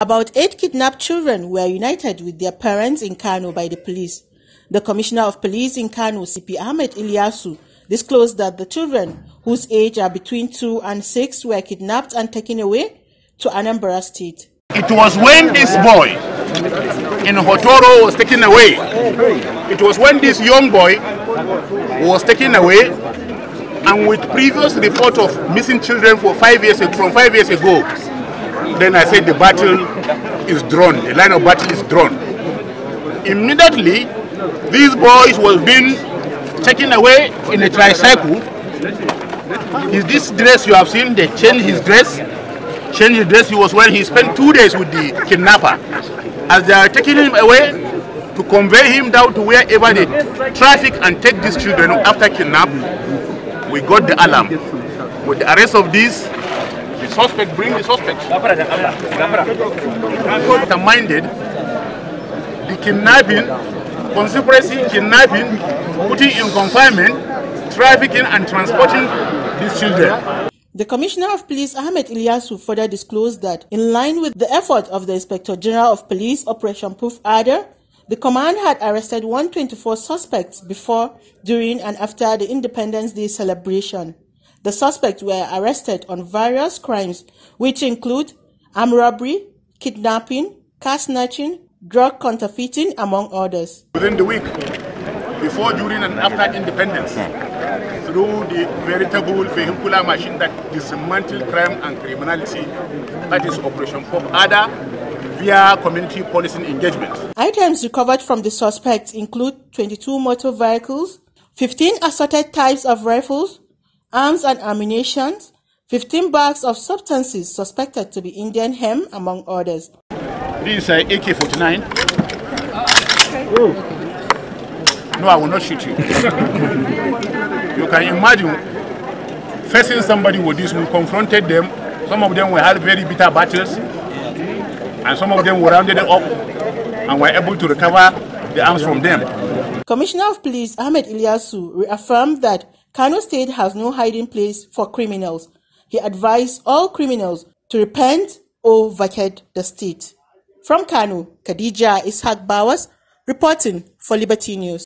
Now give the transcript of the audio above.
About eight kidnapped children were reunited with their parents in Kano by the police. The Commissioner of Police in Kano, CP Ahmed Ilyasu, disclosed that the children, whose age are between 2 and 6, were kidnapped and taken away to Anambra State. It was when this boy in Hotoro was taken away. It was when this young boy was taken away and with previous report of missing children for five years, from five years ago, then I said the battle is drawn, the line of battle is drawn. Immediately, these boys was being taken away in a tricycle. Is this dress you have seen? They changed his dress. Changed his dress he was wearing. He spent two days with the kidnapper. As they are taking him away to convey him down to wherever they traffic and take these children after kidnapping, we got the alarm. With the arrest of these the suspect, bring the suspect. Determined, the kidnapping, conspiracy, kidnapping, putting in confinement, trafficking and transporting these children. The Commissioner of Police Ahmed Ilyasu further disclosed that, in line with the effort of the Inspector General of Police Operation Proof Adder, the command had arrested 124 suspects before, during, and after the Independence Day celebration. The suspects were arrested on various crimes, which include armed robbery, kidnapping, car snatching, drug counterfeiting, among others. Within the week, before, during, and after independence, through the veritable vehicular machine that dismantled crime and criminality, that is Operation Pop Ada, via community policing engagement. Items recovered from the suspects include 22 motor vehicles, 15 assorted types of rifles, arms and ammunition, 15 bags of substances suspected to be Indian hemp, among others. This is uh, AK-49. No, I will not shoot you. you can imagine facing somebody with this, we confronted them. Some of them were had very bitter battles, and some of them were rounded up and were able to recover the arms from them. Commissioner of Police Ahmed Ilyasu reaffirmed that Kano State has no hiding place for criminals. He advised all criminals to repent or vacate the state. From Kano, Khadija Ishak Bawas reporting for Liberty News.